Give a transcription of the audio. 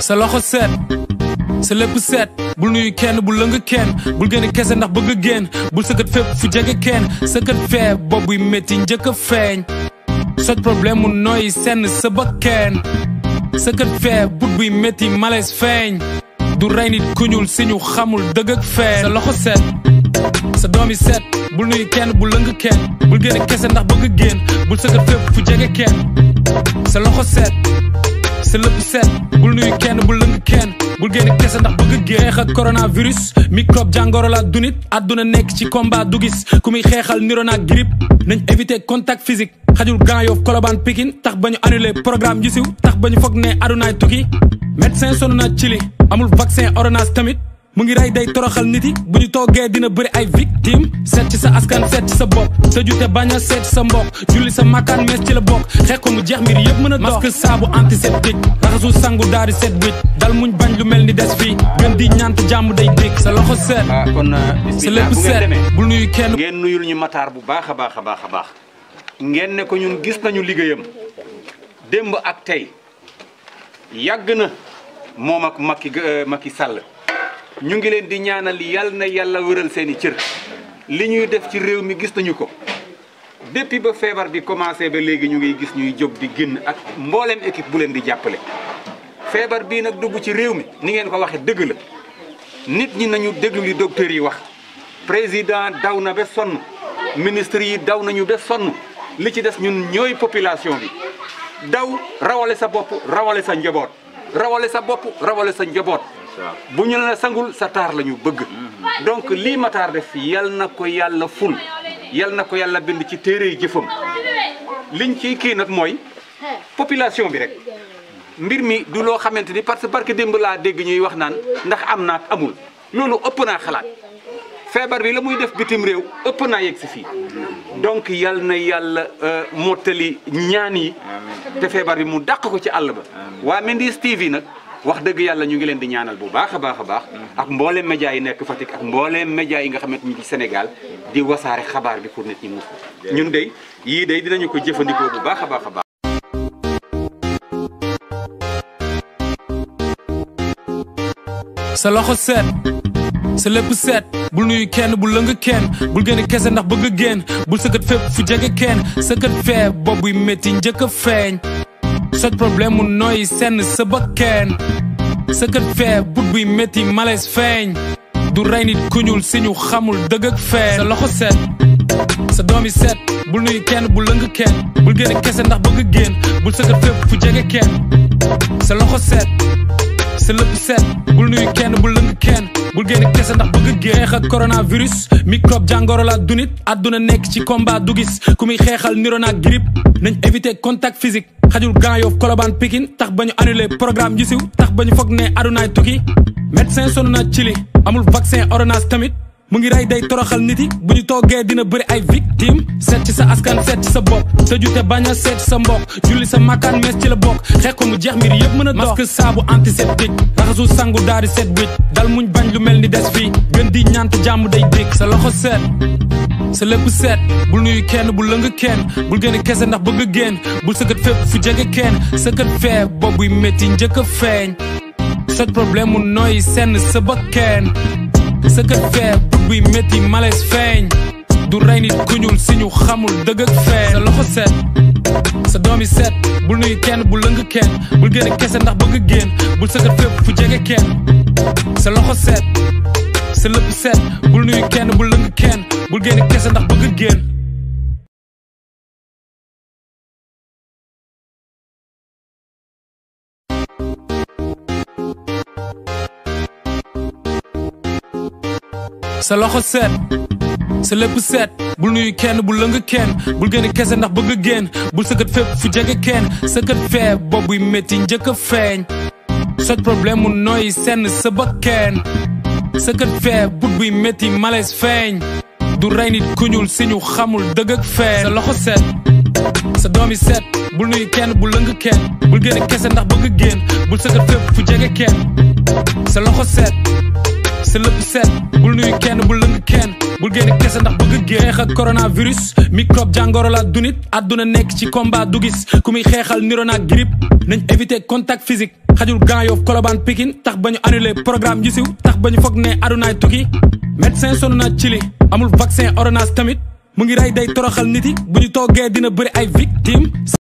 sa loxo set sa lépp set bul nuy kenn bu lëng ken bul génn kese ndax bëgg génn bul sëkkat fépp fu jeg jege kenn sëkkat fee boobuy métti njëkk a feeñ soj problème mu nooy sen sa bakkeen sëkkat fee but buy métti malaise feeñ du rey nit ku ñuul si ñu xamul dëgg ak feeñ sa loxo set sa doomi set bul nuy kenn bu lëng kenn bul génn kese ndax bëgg génn bul sëkkat fépp fu jege kenn sa loxo set sa lépp set bul kenn bul lëng kenn bul génn kese ndax bëgg xeex ak coronavirus microbe jàngoro la dunit àdduna nekk ci combat du gis ku muy xeexal niroo naa grippe nañ éviter contact physique xajul Grand Yoff Colobane tax ba ñu annulé programme yu siw tax ba ñu foog ne adunaay tukki médecin sonn na ci li amul vaccin ordonnance tamit mu ngi rey day toroxal nit yi bu ñu toogee dina bëri ay victime seet ci sa askan seet ci sa bopp tëju te bañ a seet sa mbokk julli sa makkaan mees ci la bokk xeex ko mu jeex mbir yëpp mën a dox masque saabu antiseptique raxasu sangu daari set wicc dal muñ bañ lu mel ni des fii gën di ñaant jàmm day dégg sa loxo seet ah, euh, sa lépp seet bul nuyu kenn ngeen nuyul ñu mataar bu baax a baax a baax a baax ngeen ne ko ñun gis nañu liggéeyam démb ak tey yàgg na moom ak makki euh, sàll ñu ngi leen di ñaanal yal na yàlla wëral seen i cër li ñuy def ci réew mi gis nañu ko depuis ba feebar bi commencé ba léegi ñu ngi gis ñuy jóg di génn ak mboolem équipe bu leen di jàppale feebar bii nag dugg ci réew mi ni ngeen ko waxee dëgg la nit ñi nañu déglu li docteur yi wax président daw na ba sonn ministre yi daw nañu ba sonn li ci des ñun ñooy population bi daw rawale sa bopp rawale sa njaboot rawale sa bopp rawale sa njaboot bu ñu la sangul sa taar la ñu bëgg mhm. donc lii mataar def yal na ko yàlla ful yal na ko yàlla bind ci téere jëfam liñ ci kii nag mooy population bi rek mbir mi du loo xamante ni parce que barke démb laa dégg ñuy wax naan ndax am naa amul loolu ëpp naa xalaat feebar bi la muy def bitim réew ëpp naa yegg si fii donc yal na yàlla euh, mottali ñaan yi te feebar bi mu daq ko ci àll ba waa Mindiss TV wax dëgg yàlla ñu ngi leen di ñaanal bu baax a baax a baax ak mbooleem média yi nekk Fatick ak mbooleem média yi nga xamante ni ci Sénégal di wasaare xabaar bi pour nit ñi ñun de yii de dinañu ko jëfandikoo bu baax a baax a baax sa loxo seet sa lépp seet bul nuyu kenn bul lëng kenn bul génn kese ndax bëgg génn bul sëkkat fépp fu jege kenn sëkkat fee bopp buy métti njëkk a feeñ soj problème mu nooy senn sa bëkkeen sa kët fee but buy métti malaise feeñ du rey nit ku ñuul si ñu xamul dëgg ak fee sa loxo set sa doom yi set bul nuyu kenn bul lëng kenn bul génne kese ndax bëgg génn bul sëkkat fépp fu jege kenn sa loxo set sa lëpp set bul nuyu kenn bul lëng kenn bul génne kese ndax bëgg génn xeex ak coronavirus microbe jàngoro la du nit àdduna nekk ci combat du gis ku muy xeexal niroo naa grippe nañ éviter contact physique xajul Grand Yoff Colobane Pikine tax ba ñu annulé programme yu siw tax ba ñu foog ne adunaay tukki médecin sonn na ci li amul vaccin ordonnance tamit mu ngi rey day toroxal nit yi bu ñu toogee dina bëri ay victime seet ci sa askan seet ci sa bopp tëju te bañ seet sa mbokk julli sa makkaan mees ci la bokk xeex ko mu jeex mbir yëpp mën a dox masque saabu antiseptique raxasu sangu daari seet wicc dal muñ bañ lu mel ni des fii gën di ñaante jàmm day dikk sa loxo seet sa lépp seet bul nuyu kenn bul lëng kenn bul génn kese ndax bëgg a génn bul sëkkat fépp fu jege kenn sëkkat fee boobuy métti njëkk a feeñ sa problème mu nooy senn sa ba kenn sa kër feeb buy métti malaise feeñ du rey nit ku ñuul si ñu xamul feeñ sa loxo set sa yi set bul nuyu kenn bul lëng kenn bul génn kese ndax bëgg génn bul sëkkat fépp fu jege kenn sa loxo set sa lëpp set bul nuyu kenn bul lëng kenn bul génn kese ndax bëgg génn sa loxo set sa lépp set bul nuy kenn bul lëng kenn bul génn kese ndax bëgg génn bul sëkkat fépp fu jege kenn sëkkat fee boobuy métti njëkk a feeñ chaque problème mu nooy senn sa bakkeen sëkkat fee but buy métti malaise feeñ du rey nit ku ñuul si xamul dëgg ak feeñ sa loxo set sa doom yi set bul nuyu kenn bu lëng kenn bul génn kese ndax bëgg génn bul sëkkat fépp fu jege kenn sa loxo set sa lépp set bul nuyu kenn bul lëng kenn bul génn kese ndax bëgg géex ak coronavirus microbe jàngoro la dunit àdduna nekk ci combat du gis ku muy xeexal nirona grippe nañ éviter contact physique xajul Grand Yoff Colobane Pikine tax ba ñu annulé programme yu tax ba ñu foog ne adunaay tukki médecin sonn na ci amul vaccin ordonnance tamit mu ngi rey day toroxal nit yi bu ñu toogee dina bëri ay victime